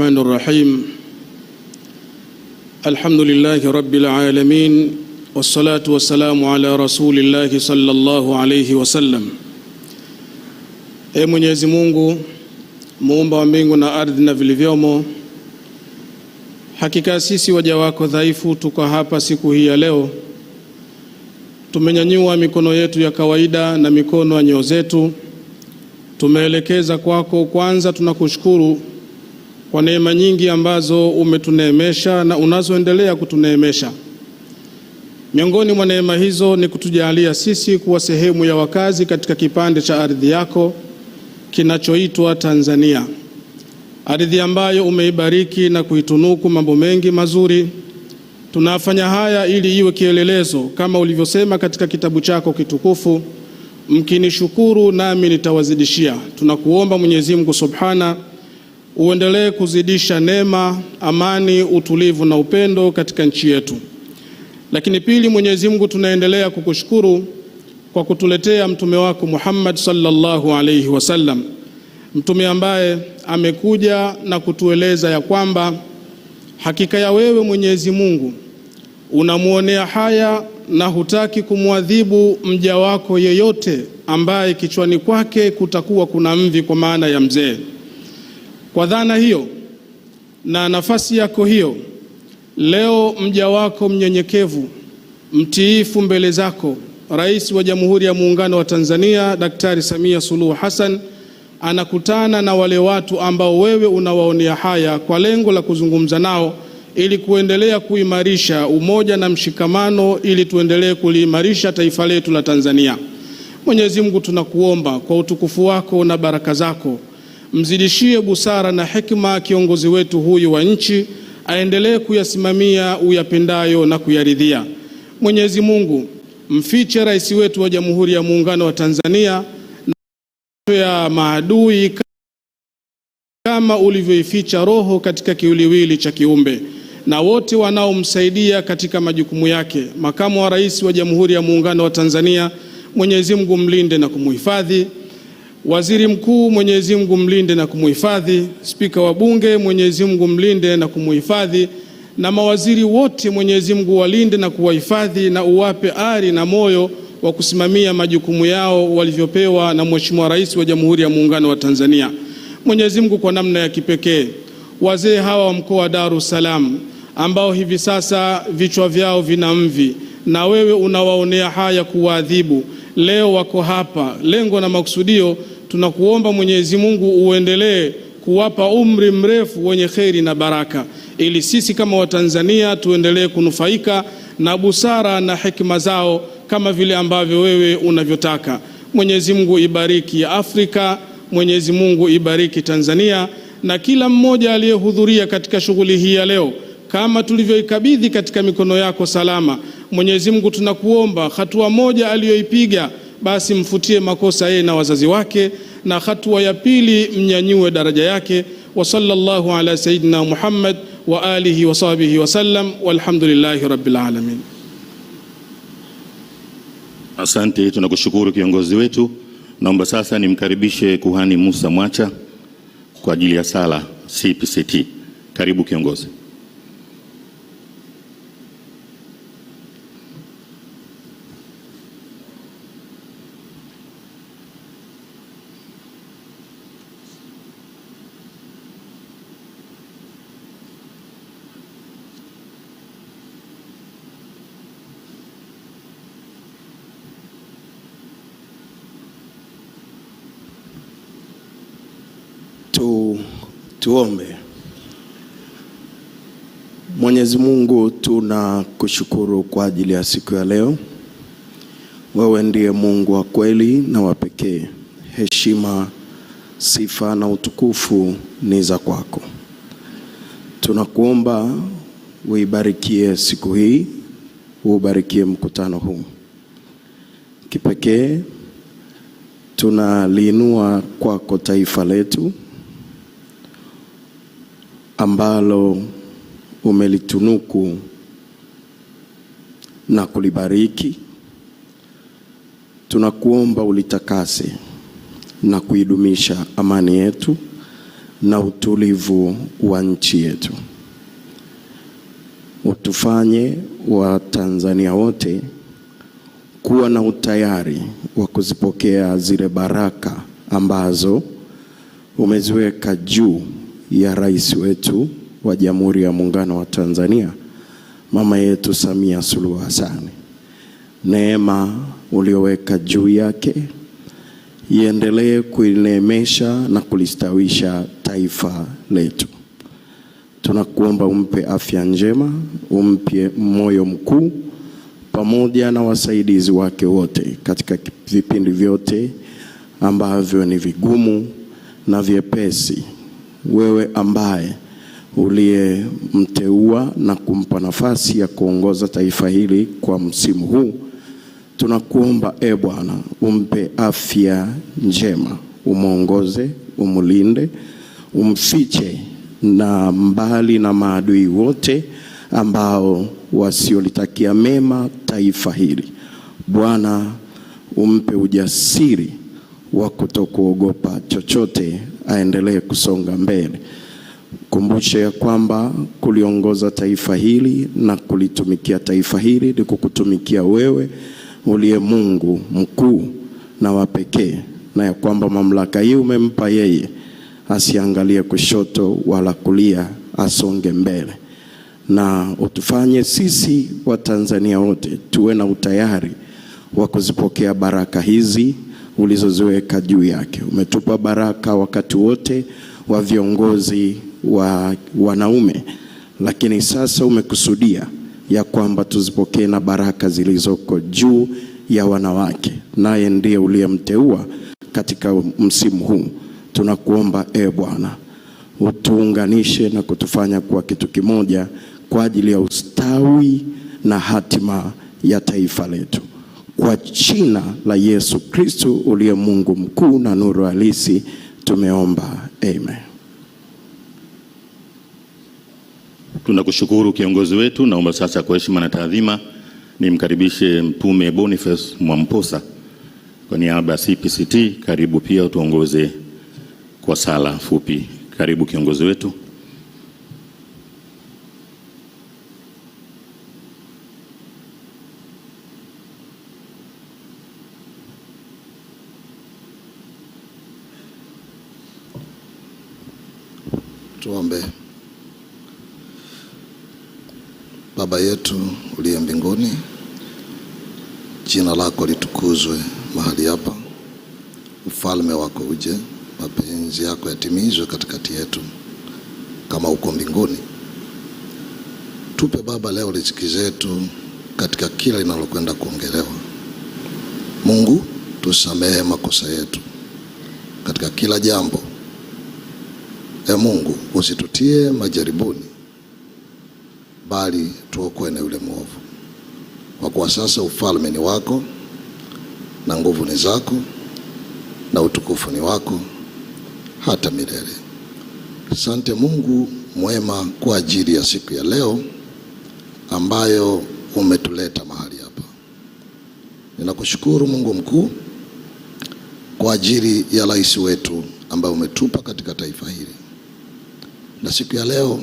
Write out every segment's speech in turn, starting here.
الرحمن الرحيم الحمد لله رب العالمين والصلاة والسلام على رسول الله صلى الله عليه وسلم E Mwenyezi Mungu muumba wa mbingu na ardhi na vilivyomo, hakika sisi waja wako dhaifu tuko hapa siku hii ya leo, tumenyanyua mikono yetu ya kawaida na mikono ya nyoo zetu tumeelekeza kwako. Kwanza tunakushukuru kwa neema nyingi ambazo umetuneemesha na unazoendelea kutuneemesha. Miongoni mwa neema hizo ni kutujalia sisi kuwa sehemu ya wakazi katika kipande cha ardhi yako kinachoitwa Tanzania, ardhi ambayo umeibariki na kuitunuku mambo mengi mazuri. Tunafanya haya ili iwe kielelezo kama ulivyosema katika kitabu chako kitukufu, mkinishukuru nami nitawazidishia. Tunakuomba Mwenyezi Mungu subhana uendelee kuzidisha neema, amani, utulivu na upendo katika nchi yetu. Lakini pili, Mwenyezi Mungu, tunaendelea kukushukuru kwa kutuletea mtume wako Muhammad sallallahu alayhi wasallam, mtume ambaye amekuja na kutueleza ya kwamba hakika ya wewe Mwenyezi Mungu unamwonea haya na hutaki kumwadhibu mja wako yeyote ambaye kichwani kwake kutakuwa kuna mvi, kwa maana ya mzee. Kwa dhana hiyo na nafasi yako hiyo, leo mja wako mnyenyekevu mtiifu mbele zako Rais wa Jamhuri ya Muungano wa Tanzania Daktari Samia Suluhu Hassan anakutana na wale watu ambao wewe unawaonea haya kwa lengo la kuzungumza nao ili kuendelea kuimarisha umoja na mshikamano ili tuendelee kuliimarisha taifa letu la Tanzania. Mwenyezi Mungu tunakuomba kwa utukufu wako na baraka zako mzidishie busara na hekima kiongozi wetu huyu wa nchi, aendelee kuyasimamia uyapendayo na kuyaridhia. Mwenyezi Mungu mfiche rais wetu wa Jamhuri ya Muungano wa Tanzania na ya maadui kama ulivyoificha roho katika kiwiliwili cha kiumbe, na wote wanaomsaidia katika majukumu yake. Makamu wa Rais wa Jamhuri ya Muungano wa Tanzania, Mwenyezi Mungu mlinde na kumhifadhi. Waziri Mkuu, Mwenyezi Mungu mlinde na kumuhifadhi. Spika wa Bunge, Mwenyezi Mungu mlinde na kumuhifadhi. Na mawaziri wote, Mwenyezi Mungu walinde na kuwahifadhi na uwape ari na moyo wa kusimamia majukumu yao walivyopewa na Mheshimiwa Rais wa Jamhuri ya Muungano wa Tanzania. Mwenyezi Mungu, kwa namna ya kipekee wazee hawa wa mkoa wa Dar es Salaam ambao hivi sasa vichwa vyao vina mvi na wewe unawaonea haya kuwaadhibu, leo wako hapa, lengo na makusudio tunakuomba Mwenyezi Mungu uendelee kuwapa umri mrefu wenye kheri na baraka, ili sisi kama Watanzania tuendelee kunufaika na busara na hekima zao kama vile ambavyo wewe unavyotaka. Mwenyezi Mungu ibariki Afrika, Mwenyezi Mungu ibariki Tanzania na kila mmoja aliyehudhuria katika shughuli hii ya leo, kama tulivyoikabidhi katika mikono yako salama. Mwenyezi Mungu, tunakuomba hatua moja aliyoipiga basi mfutie makosa yeye na wazazi wake, na hatua ya pili mnyanyue daraja yake. Wa sallallahu ala sayidina Muhammad wa alihi wa sahbihi wasallam, walhamdulillahi rabbil alamin. Asante, tunakushukuru kiongozi wetu. Naomba sasa nimkaribishe kuhani Musa Mwacha kwa ajili ya sala CPCT. Karibu kiongozi. Tuombe. Mwenyezi Mungu, tunakushukuru kwa ajili ya siku ya leo. Wewe ndiye Mungu wa kweli na wa pekee. Heshima, sifa na utukufu ni za kwako. Tunakuomba uibarikie siku hii, uubarikie mkutano huu kipekee. Tunaliinua kwako taifa letu ambalo umelitunuku na kulibariki, tunakuomba ulitakase na kuidumisha amani yetu na utulivu wa nchi yetu, utufanye Watanzania wote kuwa na utayari wa kuzipokea zile baraka ambazo umeziweka juu ya rais wetu wa Jamhuri ya Muungano wa Tanzania mama yetu Samia Suluhu Hassan. Neema ulioweka juu yake iendelee kuineemesha na kulistawisha taifa letu. Tunakuomba umpe afya njema, umpe moyo mkuu pamoja na wasaidizi wake wote katika vipindi vyote ambavyo ni vigumu na vyepesi wewe ambaye uliyemteua na kumpa nafasi ya kuongoza taifa hili kwa msimu huu, tunakuomba e Bwana, umpe afya njema, umwongoze, umlinde, umfiche na mbali na maadui wote ambao wasiolitakia mema taifa hili. Bwana, umpe ujasiri wa kutokuogopa chochote aendelee kusonga mbele. Kumbushe ya kwamba kuliongoza taifa hili na kulitumikia taifa hili ni kukutumikia wewe uliye Mungu mkuu na wa pekee, na ya kwamba mamlaka hii umempa yeye, asiangalie kushoto wala kulia, asonge mbele, na utufanye sisi Watanzania wote tuwe na utayari wa kuzipokea baraka hizi ulizoziweka juu yake. Umetupa baraka wakati wote wa viongozi wa wanaume, lakini sasa umekusudia ya kwamba tuzipokee na baraka zilizoko juu ya wanawake, naye ndiye uliyemteua katika msimu huu. Tunakuomba e Bwana, utuunganishe na kutufanya kuwa kitu kimoja kwa ajili ya ustawi na hatima ya taifa letu. Kwa jina la Yesu Kristo uliye Mungu mkuu na nuru halisi tumeomba, amen. Tunakushukuru kiongozi wetu. Naomba sasa kwa heshima na taadhima nimkaribishe Mtume Boniface Mwamposa kwa niaba ya CPCT. Karibu pia utuongoze kwa sala fupi. Karibu kiongozi wetu. Tuombe. Baba yetu uliye mbinguni, jina lako litukuzwe mahali hapa, ufalme wako uje, mapenzi yako yatimizwe katikati yetu kama uko mbinguni. Tupe Baba leo riziki zetu katika kila linalokwenda kuongelewa. Mungu, tusamehe makosa yetu katika kila jambo E Mungu, usitutie majaribuni, bali tuokoe na yule mwovu, kwa kuwa sasa ufalme ni wako na nguvu ni zako na utukufu ni wako hata milele. sante Mungu mwema kwa ajili ya siku ya leo ambayo umetuleta mahali hapa. Ninakushukuru Mungu mkuu kwa ajili ya rais wetu ambaye umetupa katika taifa hili na siku ya leo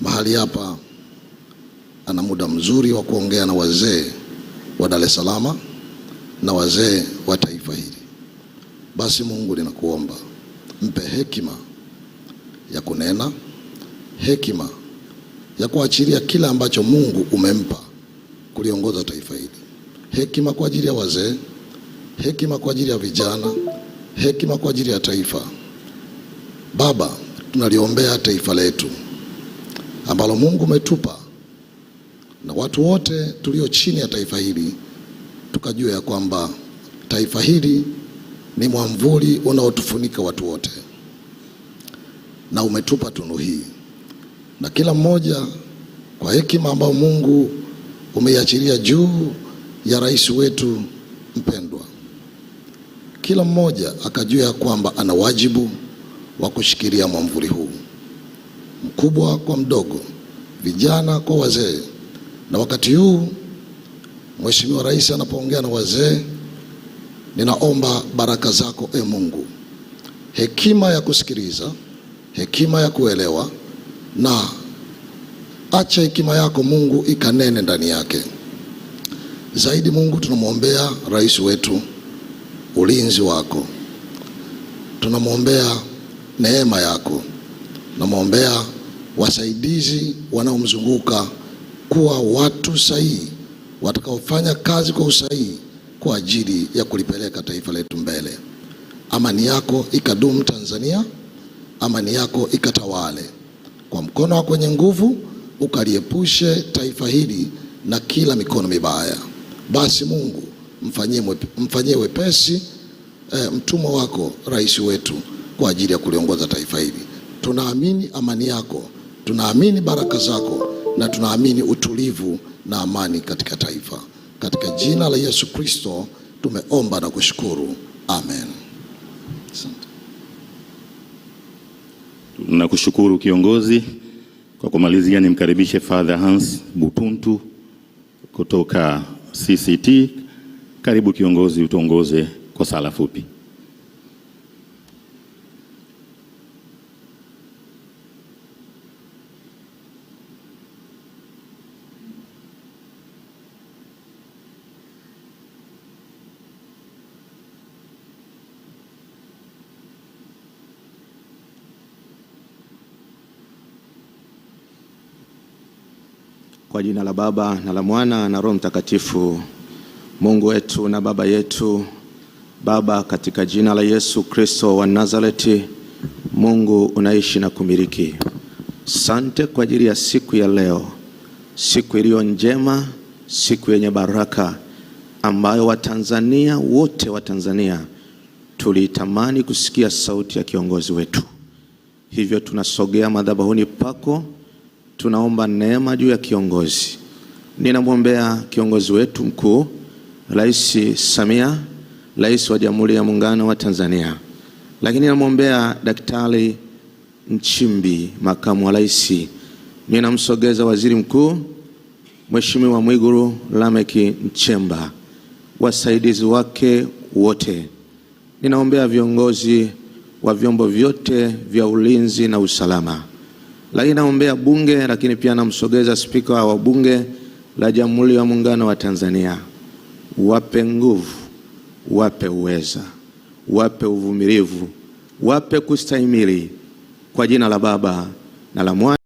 mahali hapa ana muda mzuri wa kuongea na wazee wa Dar es Salaam na wazee wa taifa hili. Basi Mungu, ninakuomba mpe hekima ya kunena, hekima ya kuachilia kila ambacho Mungu umempa kuliongoza taifa hili, hekima kwa ajili ya wazee, hekima kwa ajili ya vijana, hekima kwa ajili ya taifa. Baba tunaliombea taifa letu ambalo Mungu umetupa na watu wote tulio chini ya taifa hili tukajua ya kwamba taifa hili ni mwamvuli unaotufunika watu wote, na umetupa tunu hii, na kila mmoja kwa hekima ambayo Mungu umeiachilia juu ya rais wetu mpendwa, kila mmoja akajua ya kwamba ana wajibu wa kushikilia mwamvuli huu, mkubwa kwa mdogo, vijana kwa wazee. Na wakati huu Mheshimiwa Rais anapoongea na wazee, ninaomba baraka zako, e Mungu, hekima ya kusikiliza, hekima ya kuelewa, na acha hekima yako Mungu ikanene ndani yake zaidi. Mungu, tunamwombea rais wetu, ulinzi wako tunamwombea neema yako. Namwombea wasaidizi wanaomzunguka kuwa watu sahihi watakaofanya kazi kwa usahihi kwa ajili ya kulipeleka taifa letu mbele. Amani yako ikadumu Tanzania, amani yako ikatawale. Kwa mkono wako wenye nguvu ukaliepushe taifa hili na kila mikono mibaya. Basi Mungu mfanyie wepesi e, mtumwa wako rais wetu kwa ajili ya kuliongoza taifa hili. Tunaamini amani yako, tunaamini baraka zako, na tunaamini utulivu na amani katika taifa. Katika jina la Yesu Kristo tumeomba na kushukuru, amen. Asante. Nakushukuru kiongozi kwa kumalizia, nimkaribishe Father Hans Butuntu kutoka CCT. Karibu kiongozi, utuongoze kwa sala fupi. Kwa jina la Baba na la Mwana na Roho Mtakatifu. Mungu wetu na Baba yetu, Baba, katika jina la Yesu Kristo wa Nazareti, Mungu unaishi na kumiliki. Sante kwa ajili ya siku ya leo, siku iliyo njema, siku yenye baraka ambayo Watanzania wote wa tanzania tulitamani kusikia sauti ya kiongozi wetu. Hivyo tunasogea madhabahuni pako tunaomba neema juu ya kiongozi. Ninamwombea kiongozi wetu mkuu Rais Samia, Rais wa Jamhuri ya Muungano wa Tanzania, lakini ninamwombea Daktari Nchimbi, makamu wa rais. Ninamsogeza waziri mkuu Mheshimiwa Mwigulu Lameki Nchemba, wasaidizi wake wote. Ninaombea viongozi wa vyombo vyote vya ulinzi na usalama lakini naombea bunge, lakini pia namsogeza spika wa bunge la Jamhuri ya Muungano wa Tanzania, wape nguvu, wape uweza, wape uvumilivu, wape kustahimili, kwa jina la Baba na la Mwana